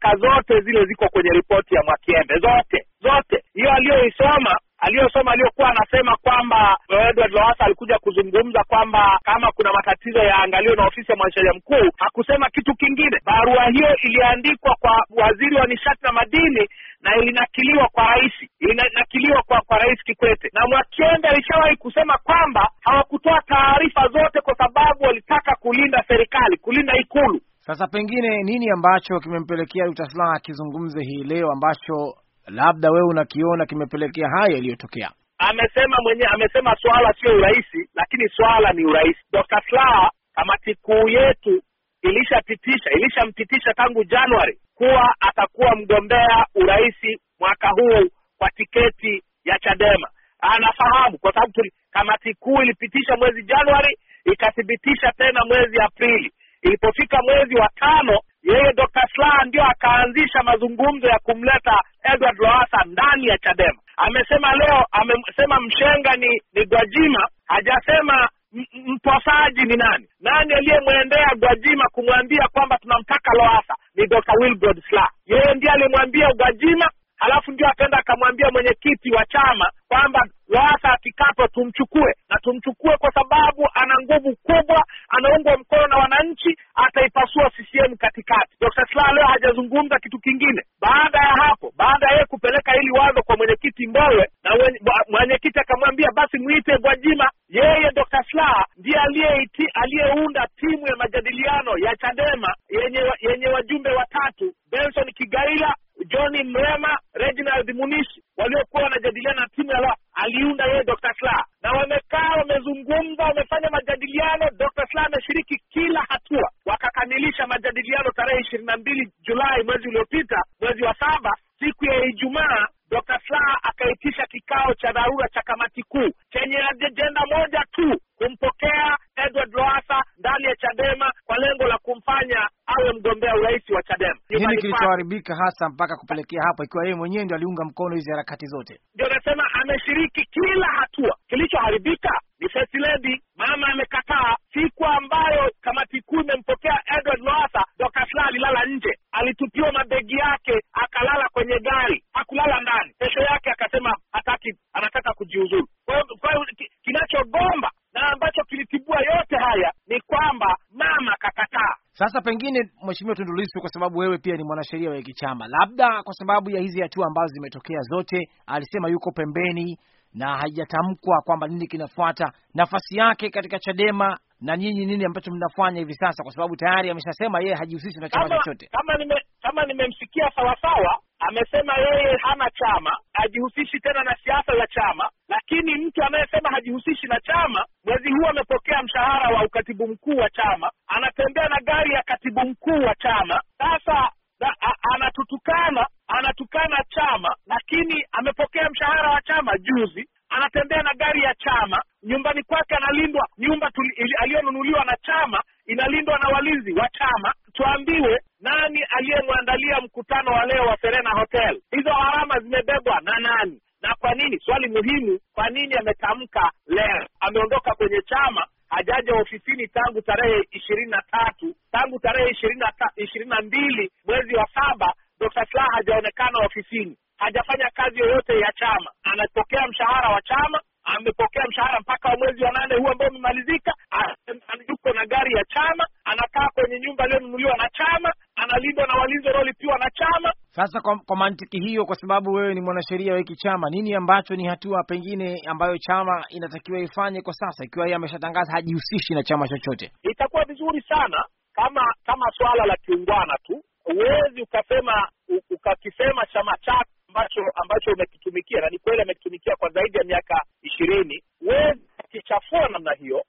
nyaraka zote zile ziko kwenye ripoti ya Mwakiembe, zote zote. Hiyo aliyoisoma aliyosoma aliyokuwa anasema kwamba eh, Edward Lowassa alikuja kuzungumza kwamba kama kuna matatizo yaangaliwe na ofisi ya mwanasheria mkuu, hakusema kitu kingine. Barua hiyo iliandikwa kwa waziri wa nishati na madini na ilinakiliwa kwa rais, ilinakiliwa kwa kwa Rais Kikwete, na Mwakiembe alishawahi kusema kwamba hawakutoa taarifa zote kwa sababu walitaka kulinda serikali, kulinda Ikulu. Sasa pengine nini ambacho kimempelekea Dr. Slaa akizungumze hii leo ambacho labda wewe unakiona kimepelekea haya yaliyotokea? Amesema mwenye, amesema swala sio urahisi, lakini swala ni urahisi. Dkt. Slaa, kamati kuu yetu ilishapitisha ilishampitisha tangu Januari kuwa atakuwa mgombea urais mwaka huu kwa tiketi ya Chadema. Anafahamu kwa sababu kamati kuu ilipitisha mwezi Januari, ikathibitisha tena mwezi Aprili. Ilipofika mwezi wa tano, yeye Dr. Slaa ndio akaanzisha mazungumzo ya kumleta Edward Lowassa ndani ya Chadema. Amesema leo, amesema mshenga ni, ni Gwajima, hajasema mposaji ni nani. Nani aliyemwendea Gwajima kumwambia kwamba tunamtaka Lowassa? Ni Dr. Wilbrod Slaa, yeye ndiye alimwambia Gwajima, halafu ndio akaenda akamwambia mwenyekiti wa chama kwamba Lowassa akikapo tumchukue, na tumchukue kwa sababu ana nguvu kubwa, anaungwa mkono na wananchi, ataipasua CCM katikati. d Slaa leo hajazungumza kitu kingine. Baada ya hapo, baada ya yeye kupeleka hili wazo kwa mwenyekiti Mbowe na mwenyekiti akamwambia basi mwite Gwajima, yeye Dr. Slaa ndiye aliyeunda timu ya majadiliano ya Chadema yenye, yenye wajumbe watatu Benson Kigaila, johni Mrema, Reginald Munishi wameshiriki kila hatua, wakakamilisha majadiliano tarehe ishirini na mbili Julai mwezi uliopita, mwezi wa saba, siku ya Ijumaa Dr. Slaa akaitisha kikao cha dharura cha kamati kuu chenye ajenda moja tu, kumpokea Edward Lowassa ndani ya Chadema kwa lengo la kumfanya awe mgombea urais wa Chadema. Nini kilichoharibika hasa mpaka kupelekea hapo, ikiwa yeye mwenyewe ndio aliunga mkono hizi harakati zote? Ndio nasema ameshiriki kila hatua. Kilichoharibika Sasa pengine, Mheshimiwa Tundu Lissu, kwa sababu wewe pia ni mwanasheria wa hiki chama, labda kwa sababu ya hizi hatua ambazo zimetokea zote, alisema yuko pembeni na haijatamkwa kwamba nini kinafuata, nafasi yake katika Chadema na nyinyi, nini ambacho mnafanya hivi sasa, kwa sababu tayari ameshasema yeye hajihusishi na chama chochote. Kama nime kama nimemsikia sawasawa, amesema yeye hana chama, hajihusishi tena na siasa za chama. Lakini mtu anayesema hajihusishi na chama, mwezi huu amepokea mshahara wa ukatibu mkuu wa chama katibu mkuu wa chama sasa anatutukana anatukana chama, lakini amepokea mshahara wa chama juzi, anatembea na gari ya chama, nyumbani kwake analindwa, nyumba aliyonunuliwa na chama inalindwa na walinzi wa chama. Tuambiwe nani aliyemwandalia mkutano wa leo wa Serena Hotel? Hizo gharama zimebebwa na nani na kwa nini? Swali muhimu, kwa nini ametamka leo ameondoka kwenye chama hajaja ofisini tangu tarehe ishirini na tatu tangu tarehe ishirini na mbili mwezi wa saba Dr. Slaa hajaonekana ofisini, hajafanya kazi yoyote ya chama. Anapokea mshahara wa chama, amepokea mshahara mpaka wa mwezi wa nane huu ambao umemalizika. Yuko na gari ya chama, anakaa kwenye nyumba aliyonunuliwa na chama, analindwa na walinzi wanaolipiwa na chama. Sasa kwa, kwa mantiki hiyo, kwa sababu wewe ni mwanasheria wa hiki chama, nini ambacho ni hatua pengine ambayo chama inatakiwa ifanye kwa sasa, ikiwa yeye ameshatangaza hajihusishi na chama chochote? Itakuwa vizuri sana kama kama swala la kiungwana tu. Huwezi ukasema ukakisema chama chako ambacho ambacho umekitumikia na ni kweli amekitumikia kwa zaidi ya miaka ishirini, huwezi ukichafua namna hiyo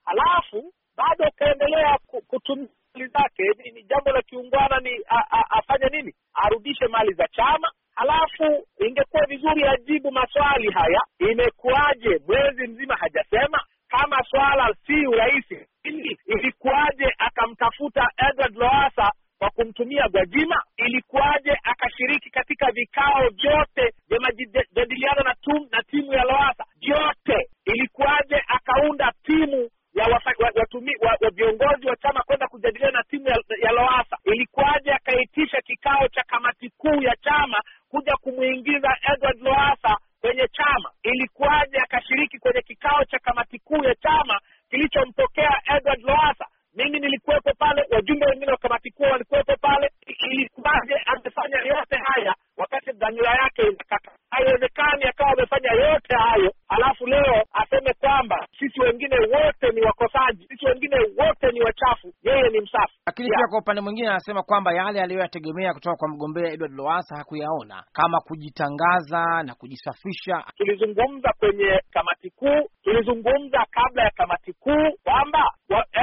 arudishe mali za chama. Halafu ingekuwa vizuri ajibu maswali haya, imekuwaje mwezi mzima hajasema? Kama swala si urahisi, ilikuwaje akamtafuta Edward loasa kwa kumtumia Gwajima? Ilikuwaje akashiriki katika vikao vyote vya majadiliano na, na timu ya loasa kilichompokea Edward loasa Mimi nilikuwepo pale, wajumbe wengine wa kamati kuu walikuwepo pale. Ilikuwaje amefanya yote haya wakati dhamira yake inakata? Haiwezekani akawa amefanya yote hayo, alafu leo aseme kwamba sisi wengine wote ni wako kwa upande mwingine anasema kwamba yale aliyoyategemea kutoka kwa mgombea Edward Lowassa hakuyaona kama kujitangaza na kujisafisha. Tulizungumza kwenye kamati kuu, tulizungumza kabla ya kamati kuu kwamba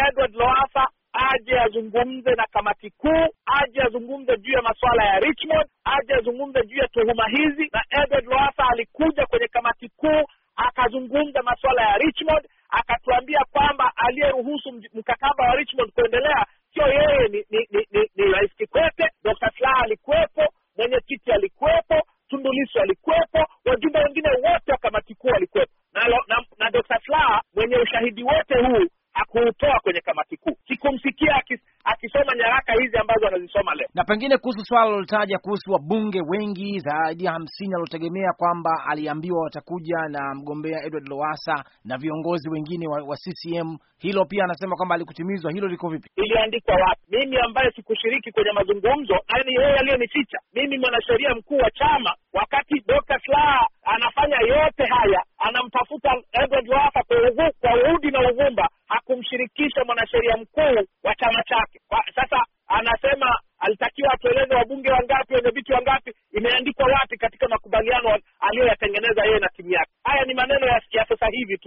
Edward Lowassa aje azungumze na kamati kuu, aje azungumze juu ya masuala ya Richmond, aje azungumze juu ya tuhuma hizi, na Edward Lowassa alikuja kwenye kamati kuu akazungumza masuala ya Richmond, akatuambia kwamba aliyeruhusu mkataba wa Richmond kuendelea 对，因为你你你你你来 ambazo wanazisoma leo. Na pengine kuhusu swala lilotaja kuhusu wabunge wengi zaidi ya hamsini alilotegemea kwamba aliambiwa watakuja na mgombea Edward Lowasa na viongozi wengine wa, wa CCM, hilo pia anasema kwamba alikutimizwa. Hilo liko vipi? Iliandikwa wapi? Mimi ambaye sikushiriki kwenye mazungumzo, yaani yeye aliyonificha mimi, mwanasheria mkuu wa chama, wakati Dr. Slaa anafanya yote haya, anamtafuta Edward Lowassa kwa uhudi na uvumba, hakumshirikisha mwanasheria mkuu wa chama chake. Sasa anasema alitakiwa atueleze wabunge wangapi, wenye viti wangapi, imeandikwa wapi katika makubaliano aliyoyatengeneza yeye na timu yake. Haya ni maneno ya sasa hivi tu.